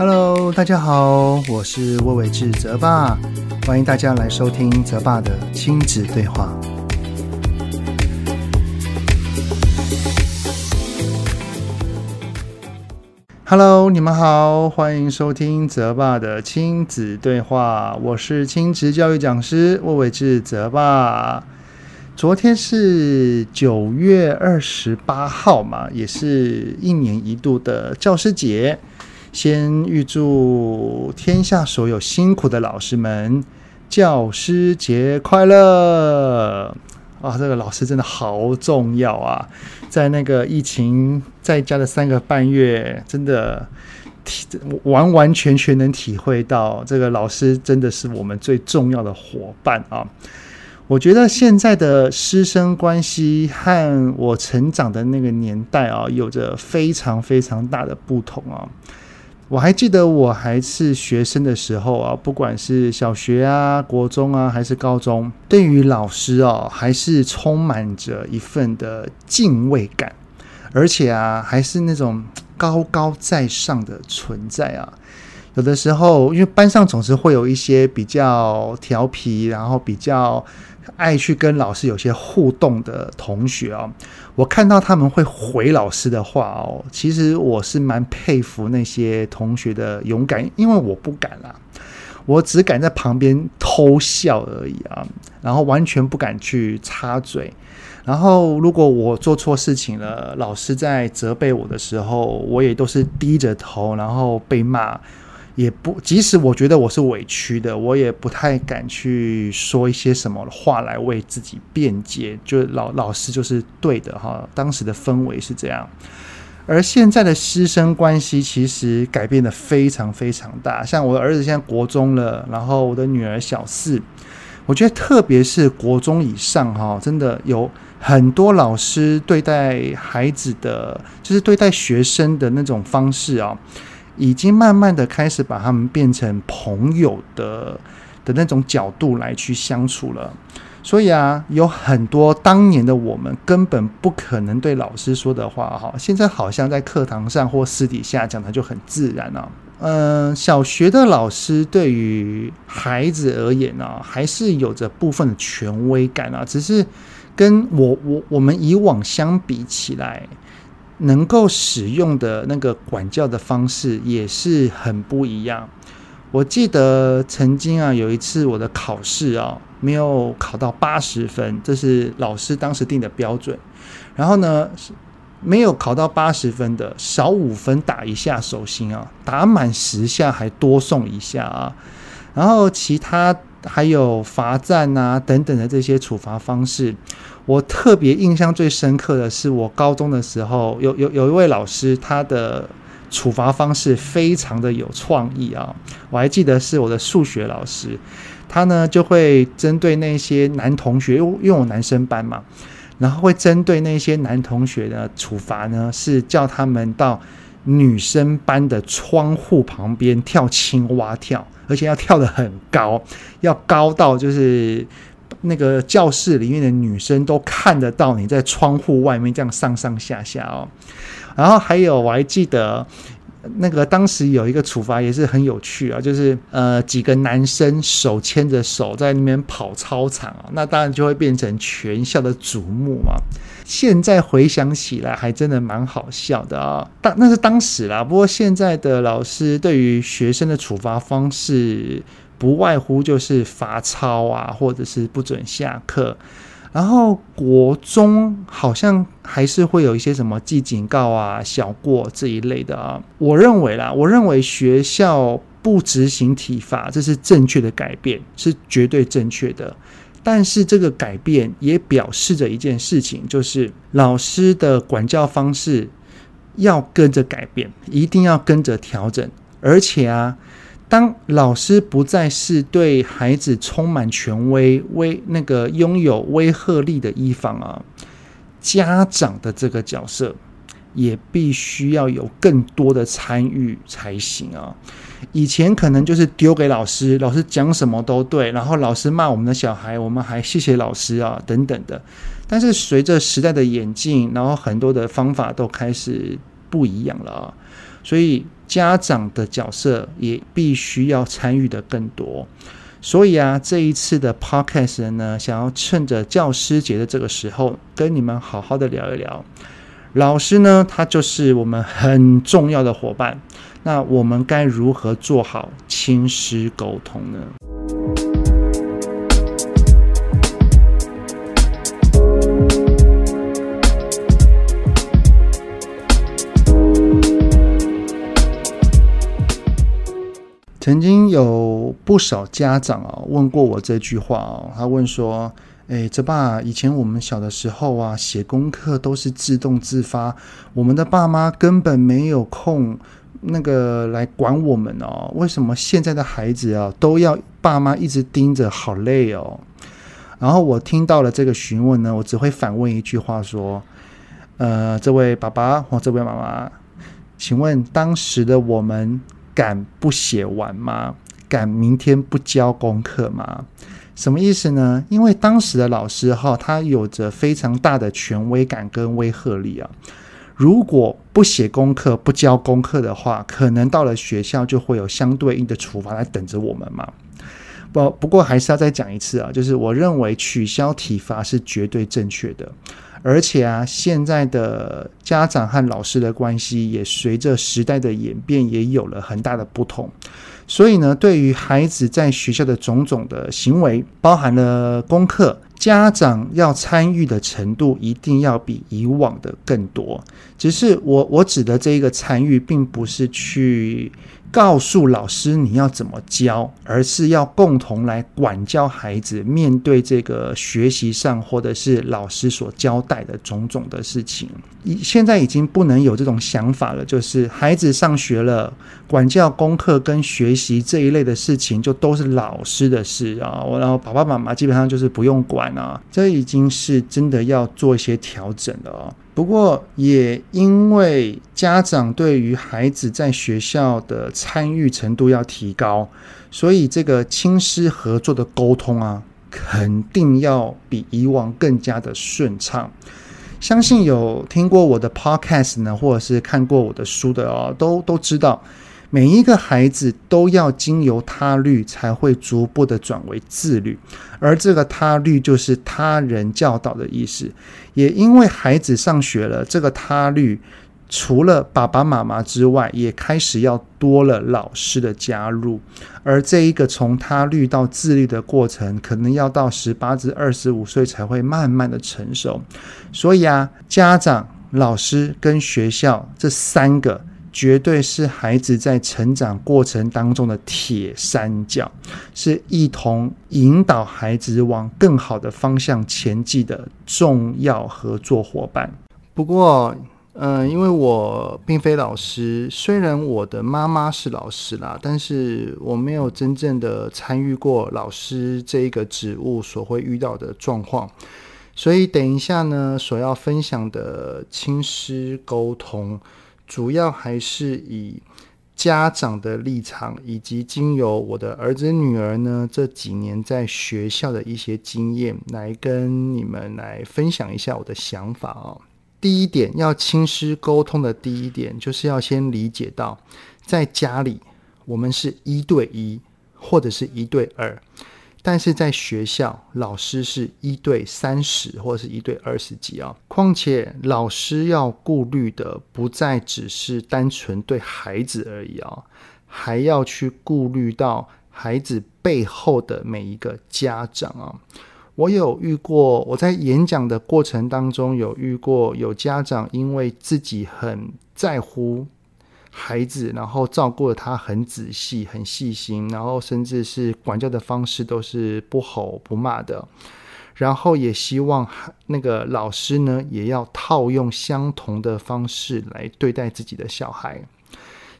Hello，大家好，我是魏瑋志澤爸，歡迎大家來收聽澤爸的親子對話。Hello，你們好，歡迎收聽澤爸的親子對話，我是親職教育講師魏瑋志澤爸。昨天是九月二十八號嘛，也是一年一度的教師節。先預祝天下所有辛苦的老師們教師節快樂！啊，這個老師真的好重要啊！在那個疫情在家的三個半月，真的體完完全全能體會到，這個老師真的是我們最重要的夥伴啊！我覺得現在的師生關係和我成長的那個年代啊，有着非常非常大的不同啊！我還記得我還是學生的時候啊，不管是小學啊、國中啊，還是高中，對於老師哦、啊，還是充滿着一份的敬畏感，而且啊，還是那種高高在上的存在啊。有的時候，因為班上總是會有一些比較調皮，然後比較愛去跟老師有些互動的同學哦，我看到他們會回老師的話哦，其實我是蠻佩服那些同學的勇敢，因為我不敢啦、啊，我只敢在旁邊偷笑而已啊，然後完全不敢去插嘴，然後如果我做錯事情了，老師在責備我的時候，我也都是低着頭，然後被罵。也不，即使我覺得我是委屈的，我也不太敢去說一些什麼話來為自己辯解。就老老師就是對的哈、哦，當時的氛圍是這樣。而現在的師生關係其實改變得非常非常大。像我的兒子現在國中了，然後我的女兒小四，我覺得特別是國中以上哈、哦，真的有很多老師對待孩子的，就是對待學生的那種方式啊、哦。已經慢慢的開始把他們變成朋友的的那種角度來去相處了，所以啊，有很多當年的我們根本不可能對老師說的話，哈，現在好像在課堂上或私底下講的就很自然了。嗯，小學的老師對於孩子而言呢，啊，還是有着部分的權威感啊，只是跟我我我們以往相比起來。能夠使用的那個管教的方式也是很不一樣。我記得曾經啊，有一次我的考試啊，沒有考到八十分，這是老師當時定的標準。然後呢，沒有考到八十分的，少五分打一下手心啊，打滿十下還多送一下啊。然後其他。還有罰站啊等等的這些處罰方式，我特別印象最深刻的是我高中的時候，有有有一位老師，他的處罰方式非常的有創意啊！我還記得是我的數學老師，他呢就會針對那些男同學，因因為我男生班嘛，然後會針對那些男同學的處罰呢，是叫他們到。女生班的窗戶旁邊，跳青蛙跳，而且要跳得很高，要高到就是那個教室裡面的女生都看得到你在窗戶外面這樣上上下下哦、喔。然後還有我還記得。那個當時有一個處罰也是很有趣啊，就是呃幾個男生手牽着手在那邊跑操場啊，那當然就會變成全校的矚目嘛。現在回想起來還真的蠻好笑的啊，當那是當時啦。不過現在的老師對於學生的處罰方式，不外乎就是罰抄啊，或者是不准下課。然後國中好像還是會有一些什麼記警告啊、小過這一類的啊。我認為啦，我認為學校不執行體罰，這是正確的改變，是絕對正確的。但是這個改變也表示着一件事情，就是老師的管教方式要跟着改變，一定要跟着調整，而且啊，當老師不再是對孩子充滿權威威那個擁有威嚇力的一方啊，家長的這個角色也必須要有更多的參與才行啊。以前可能就是丟給老師，老師講什麼都對，然後老師罵我們的小孩，我們還謝謝老師啊等等的。但是隨着時代的演進，然後很多的方法都開始不一樣了啊。所以家長的角色也必須要參與的更多。所以啊，這一次的 Podcast 呢，想要趁着教師節的這個時候，跟你們好好的聊一聊。老師呢，他就是我們很重要的夥伴。那我們該如何做好親師溝通呢？曾經有不少家長啊、哦、問過我這句話哦，他問說：“哎，澤爸，以前我們小的時候啊，寫功課都是自動自發，我們的爸媽根本沒有空那個來管我們哦。為什麼現在的孩子啊都要爸媽一直盯着，好累哦？”然後我聽到了這個詢問呢，我只會反問一句話說：“呃，這位爸爸或、哦、這位媽媽，請問當時的我們？”敢不寫完嗎？敢明天不交功課嗎？什麼意思呢？因為當時的老師哈，他有着非常大的權威感跟威嚇力啊！如果不寫功課、不交功課的話，可能到了學校就會有相對應的處罰來等着我們嘛。不不過還是要再講一次啊，就是我認為取消體罰是絕對正確的。而且啊，現在的家長和老師的關係也隨着時代的演變也有了很大的不同，所以呢，對於孩子在學校的種種的行為，包含了功課，家長要參與的程度一定要比以往的更多。只是我我指的這一個參與，並不是去。告訴老師你要怎麼教，而是要共同來管教孩子。面對這個學習上，或者是老師所交代的種種的事情，已現在已經不能有這種想法了。就是孩子上學了，管教功課跟學習這一類的事情，就都是老師的事啊。我然後爸爸媽媽基本上就是不用管啊，這已經是真的要做一些調整了哦。不過，也因為家長對於孩子在學校的參與程度要提高，所以這個親師合作的溝通啊，肯定要比以往更加的順暢。相信有聽過我的 podcast 呢，或者是看過我的書的哦，都都知道。每一個孩子都要經由他律，才會逐步的轉為自律。而這個他律就是他人教導的意思。也因為孩子上學了，這個他律除了爸爸媽媽之外，也開始要多了老師的加入。而這一個從他律到自律的過程，可能要到十八至二十五歲才會慢慢的成熟。所以啊，家長、老師跟學校這三個。絕對是孩子在成長過程當中的鐵三角，是一同引導孩子往更好的方向前進的重要合作夥伴。不過，嗯、呃，因為我並非老師，雖然我的媽媽是老師啦，但是我沒有真正的參與過老師這一個職務所會遇到的狀況，所以等一下呢，所要分享的親師溝通。主要還是以家長的立場，以及經由我的兒子、女兒呢，這幾年在學校的一些經驗，來跟你們來分享一下我的想法哦。第一點，要親師溝通的第一點，就是要先理解到，在家裡我們是一對一或者是一對二。但是在學校，老師是一對三十或者是一對二十幾啊。況且老師要顧慮的不再只是單純對孩子而已啊，還要去顧慮到孩子背後的每一個家長啊。我有遇過，我在演講的過程當中有遇過，有家長因為自己很在乎。孩子，然後照顧了他很仔細、很細心，然後甚至是管教的方式都是不吼不罵的，然後也希望那個老師呢，也要套用相同的方式來對待自己的小孩。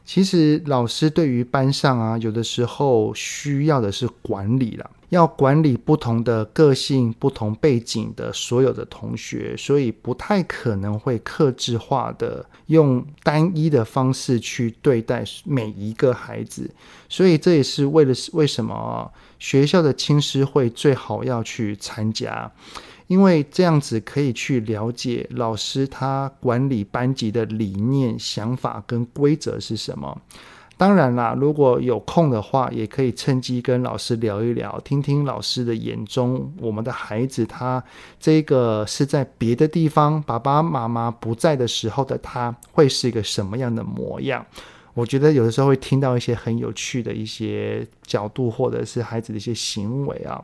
其實，老師對於班上啊，有的時候需要的是管理了。要管理不同的個性、不同背景的所有的同學，所以不太可能會客製化的用單一的方式去對待每一個孩子。所以這也是為了是為什麼、啊、學校的親師會最好要去參加，因為這樣子可以去了解老師他管理班級的理念、想法跟規則是什麼。當然啦，如果有空的話，也可以趁機跟老師聊一聊，聽聽老師的眼中我們的孩子，他這個是在別的地方爸爸媽媽不在的時候的他，會是一個什麼樣的模樣？我覺得有的時候會聽到一些很有趣的一些角度，或者是孩子的一些行為啊。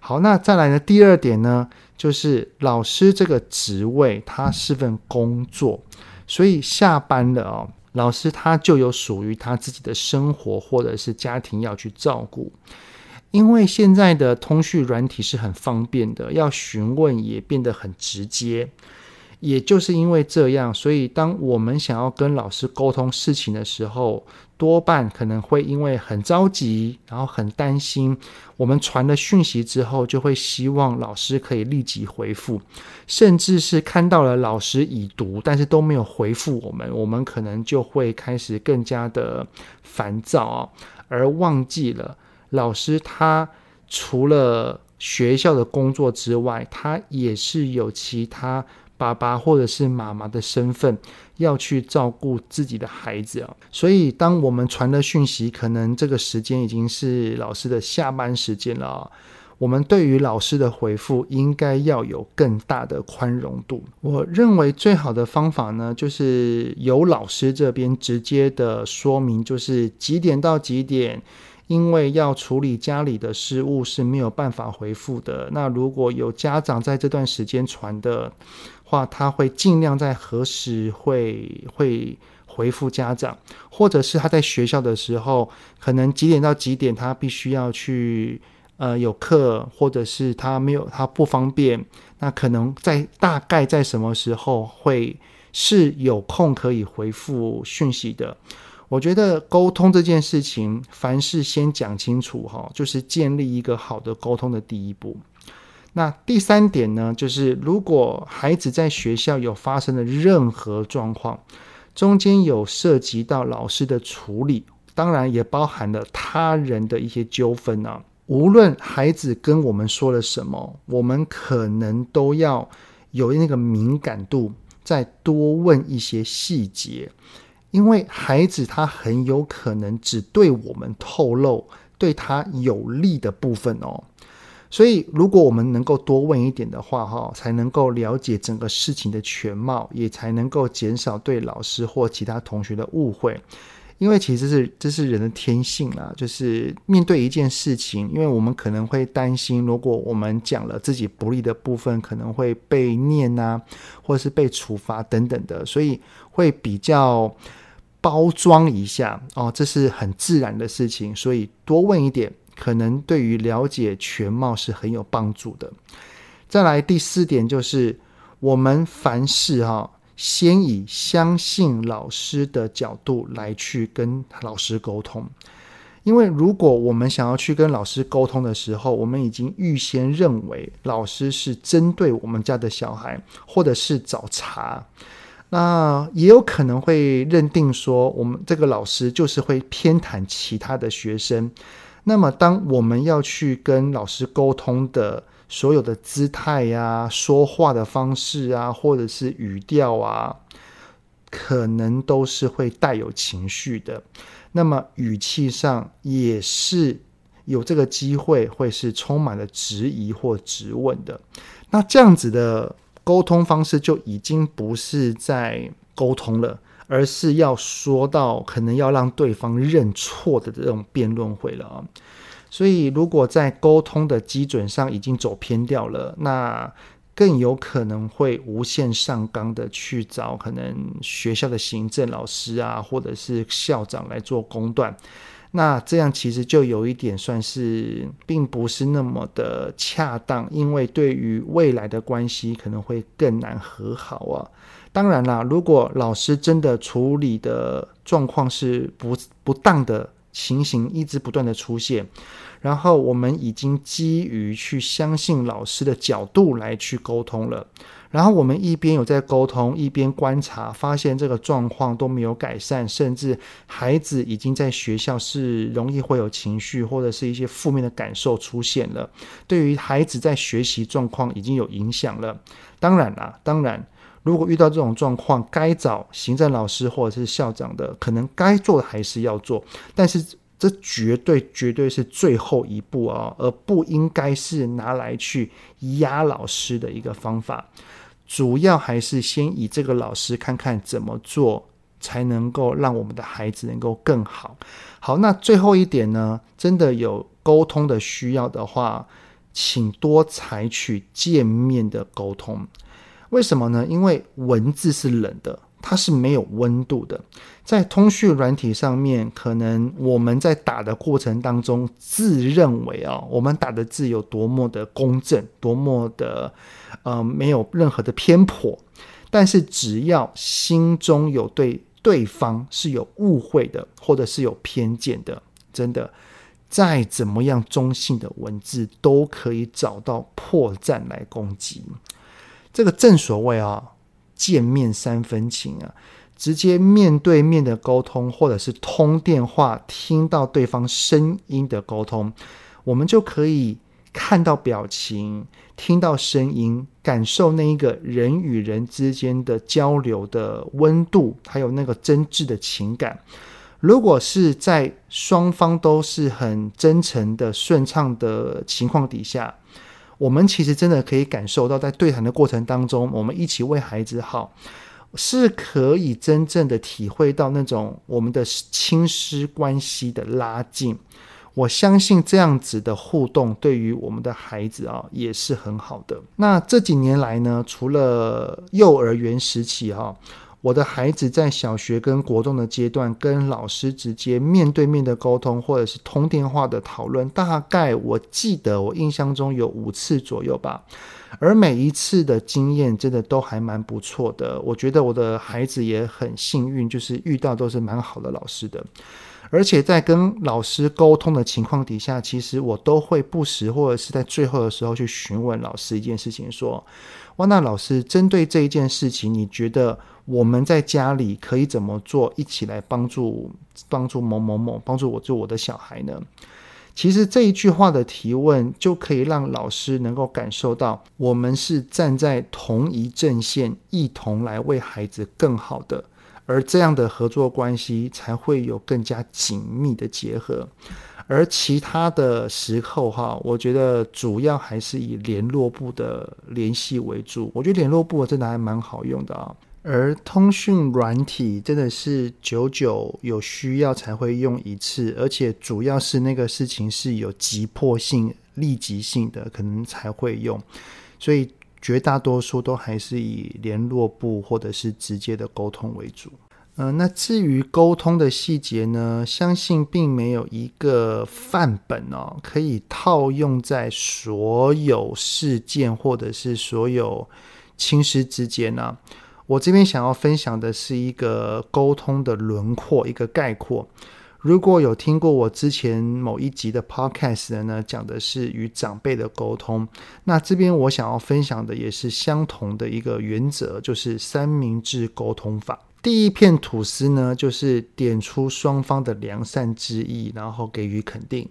好，那再來呢？第二點呢，就是老師這個職位，他是份工作，所以下班了啊、哦。老師他就有屬於他自己的生活，或者是家庭要去照顧。因為現在的通訊軟體是很方便的，要詢問也變得很直接。也就是因為這樣，所以當我們想要跟老師溝通事情的時候，多半可能會因為很着急，然後很擔心。我們傳了訊息之後，就會希望老師可以立即回覆，甚至是看到了老師已讀，但是都沒有回覆我們，我們可能就會開始更加的煩躁啊，而忘記了，老師他除了學校的工作之外，他也是有其他。爸爸或者是媽媽的身份要去照顧自己的孩子啊，所以當我們傳的訊息，可能這個時間已經是老師的下班時間了。我們對於老師的回復，應該要有更大的寬容度。我認為最好的方法呢，就是由老師這邊直接的說明，就是幾點到幾點，因為要處理家裡的事務是沒有辦法回復的。那如果有家長在這段時間傳的。話他會儘量在何時會會回復家長，或者是他在學校的時候，可能幾點到幾點他必須要去呃，有課，或者是他沒有，他不方便，那可能在大概在什麼時候會是有空可以回復訊息的。我覺得溝通這件事情，凡事先講清楚哈，就是建立一個好的溝通的第一步。那第三點呢，就是如果孩子在學校有發生了任何狀況，中間有涉及到老師的處理，當然也包含了他人的一些糾紛呢。無論孩子跟我們說了什麼，我們可能都要有那個敏感度，再多問一些細節，因為孩子他很有可能只對我們透露對他有利的部分哦。所以，如果我們能夠多問一點的話，哈，才能夠了解整個事情的全貌，也才能夠減少對老師或其他同學的誤會。因為其實是這是人的天性啦、啊，就是面對一件事情，因為我們可能會擔心，如果我們講了自己不利的部分，可能會被念啊，或是被處罰等等的，所以會比較包裝一下哦，這是很自然的事情。所以多問一點。可能對於了解全貌是很有幫助的。再來第四點就是，我們凡事哈，先以相信老師的角度來去跟老師溝通。因為如果我們想要去跟老師溝通的時候，我們已經預先認為老師是針對我們家的小孩，或者是找茬，那也有可能會認定說，我們這個老師就是會偏袒其他的學生。那麼，當我們要去跟老師溝通的所有的姿態呀、啊、說話的方式啊，或者是語調啊，可能都是會帶有情緒的。那麼語氣上也是有這個機會，會是充滿了質疑或質問的。那這樣子的溝通方式就已經不是在溝通了。而是要說到可能要讓對方認錯的這種辯論會了啊，所以如果在溝通的基準上已經走偏掉了，那更有可能會無限上綱的去找可能學校的行政老師啊，或者是校長來做公斷，那這樣其實就有一點算是並不是那麼的恰當，因為對於未來的關係可能會更難和好啊。當然啦，如果老師真的處理的狀況是不不當的情形，一直不斷的出現，然後我們已經基於去相信老師的角度來去溝通了，然後我們一邊有在溝通，一邊觀察，發現這個狀況都沒有改善，甚至孩子已經在學校是容易會有情緒，或者是一些負面的感受出現了，對於孩子在學習狀況已經有影響了。當然啦，當然。如果遇到這種狀況，該找行政老師或者是校長的，可能該做的還是要做，但是這絕對絕對是最後一步哦，而不應該是拿來去壓老師的一個方法。主要還是先以這個老師看看怎麼做，才能夠讓我們的孩子能夠更好。好，那最後一點呢，真的有溝通的需要的話，請多採取見面的溝通。為什麼呢？因為文字是冷的，它是沒有溫度的。在通訊軟體上面，可能我們在打的過程當中，自認為啊，我們打的字有多麼的公正，多麼的呃，沒有任何的偏頗。但是只要心中有對對方是有誤會的，或者是有偏見的，真的，再怎麼樣中性的文字，都可以找到破綻來攻擊。這個正所謂啊，見面三分情啊，直接面對面的溝通，或者是通電話，聽到對方聲音的溝通，我們就可以看到表情，聽到聲音，感受那一個人與人之間的交流的溫度，還有那個真摯的情感。如果是在雙方都是很真誠的、順暢的情況底下。我們其實真的可以感受到，在對談的過程當中，我們一起為孩子好，是可以真正的體會到那種我們的親師關係的拉近。我相信這樣子的互動，對於我們的孩子啊，也是很好的。那這幾年來呢，除了幼兒園時期哈、啊。我的孩子在小學跟國中的階段，跟老師直接面對面的溝通，或者是通電話的討論，大概我記得我印象中有五次左右吧。而每一次的經驗真的都還蠻不錯的，我覺得我的孩子也很幸運，就是遇到都是蠻好的老師的。而且在跟老師溝通的情況底下，其實我都會不時或者是在最後的時候去詢問老師一件事情，說：汪娜老師，針對這一件事情，你覺得我們在家裡可以怎麼做，一起來幫助幫助某某某，幫助我做我的小孩呢？其實這一句話的提問，就可以讓老師能夠感受到，我們是站在同一陣線，一同來為孩子更好的，而這樣的合作關係才會有更加緊密的結合。而其他的時候，哈，我覺得主要還是以聯絡簿的聯繫為主。我覺得聯絡簿真的還蠻好用的啊。而通訊軟體真的是久久有需要才會用一次，而且主要是那個事情是有急迫性、立即性的，可能才會用。所以絕大多數都還是以聯絡簿或者是直接的溝通為主。呃，那至於溝通的細節呢，相信並沒有一個範本哦，可以套用在所有事件或者是所有親師之間呢、啊。我這邊想要分享的是一個溝通的輪廓，一個概括。如果有聽過我之前某一集的 Podcast 的呢，講的是與長輩的溝通，那這邊我想要分享的也是相同的一個原則，就是三明治溝通法。第一片吐司呢，就是點出雙方的良善之意，然後給予肯定；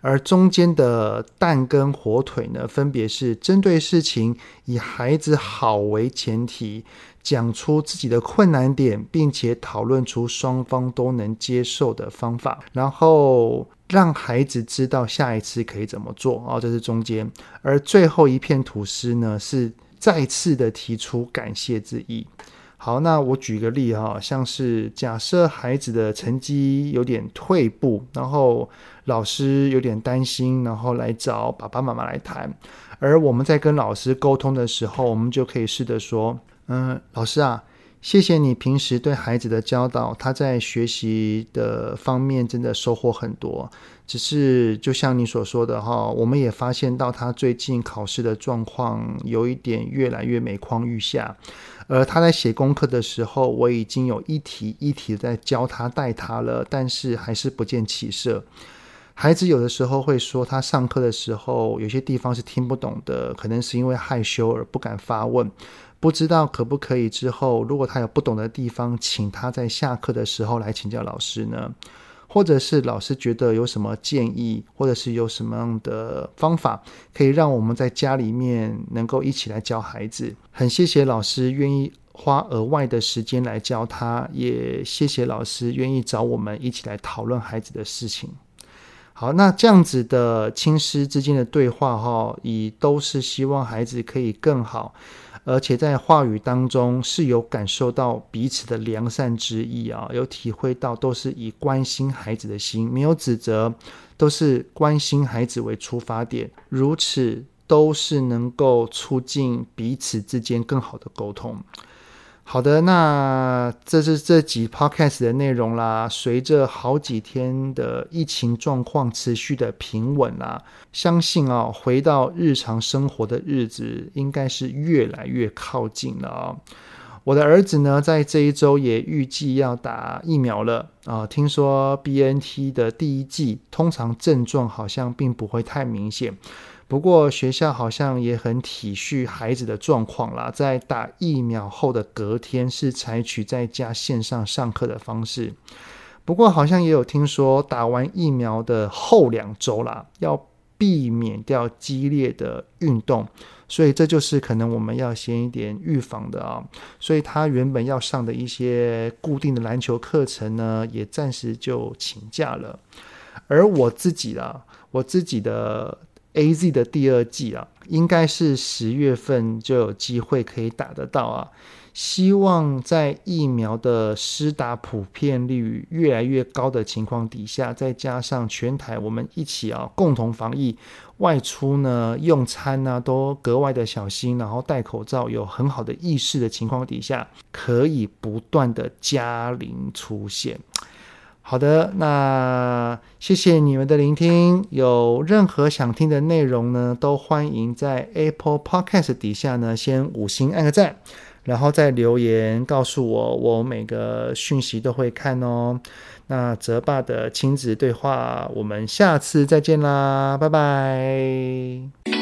而中間的蛋跟火腿呢，分別是針對事情以孩子好為前提，講出自己的困難點，並且討論出雙方都能接受的方法，然後讓孩子知道下一次可以怎麼做。哦，這是中間；而最後一片吐司呢，是再次的提出感謝之意。好，那我舉個例哈，像是假設孩子的成績有點退步，然後老師有點擔心，然後來找爸爸媽媽來談。而我們在跟老師溝通的時候，我們就可以試着說：“嗯，老師啊。”謝謝你平時對孩子的教導，他在學習的方面真的收穫很多。只是就像你所說的哈，我們也發現到他最近考試的狀況有一點越來越每況愈下。而他在寫功課的時候，我已經有一題一題在教他帶他了，但是還是不見起色。孩子有的時候會說，他上課的時候有些地方是聽不懂的，可能是因為害羞而不敢發問。不知道可不可以？之後如果他有不懂的地方，請他在下課的時候來請教老師呢，或者是老師覺得有什麼建議，或者是有什麼樣的方法，可以讓我們在家裡面能夠一起來教孩子。很謝謝老師願意花額外的時間來教他，也謝謝老師願意找我們一起來討論孩子的事情。好，那這樣子的親師之間的對話，哈，也都是希望孩子可以更好。而且在話語當中是有感受到彼此的良善之意啊，有體會到都是以關心孩子的心，沒有指責，都是關心孩子為出發點，如此都是能夠促進彼此之間更好的溝通。好的，那這是這集 podcast 的內容啦。隨着好幾天的疫情狀況持續的平穩啦、啊，相信啊、哦，回到日常生活的日子應該是越來越靠近了啊、哦。我的兒子呢，在這一周也預計要打疫苗了啊、呃。聽說 BNT 的第一劑通常症狀好像並不會太明顯。不過學校好像也很體恤孩子的狀況啦，在打疫苗後的隔天是採取在家線上上課的方式。不過好像也有聽說，打完疫苗的後兩周啦，要避免掉激烈的運動，所以這就是可能我們要先一點預防的啊、哦。所以他原本要上的一些固定的籃球課程呢，也暫時就請假了。而我自己啦，我自己的。AZ 的第二劑啊，應該是十月份就有機會可以打得到啊。希望在疫苗的施打普遍率越來越高的情況底下，再加上全台我們一起啊共同防疫，外出呢、用餐呢、啊、都格外的小心，然後戴口罩，有很好的意識的情況底下，可以不斷的加零出現。好的，那謝謝你們的聆聽。有任何想聽的內容呢，都歡迎在 Apple Podcast 底下呢先五星按個讚，然後再留言告訴我，我每個訊息都會看哦。那澤爸的親子對話，我們下次再見啦，拜拜。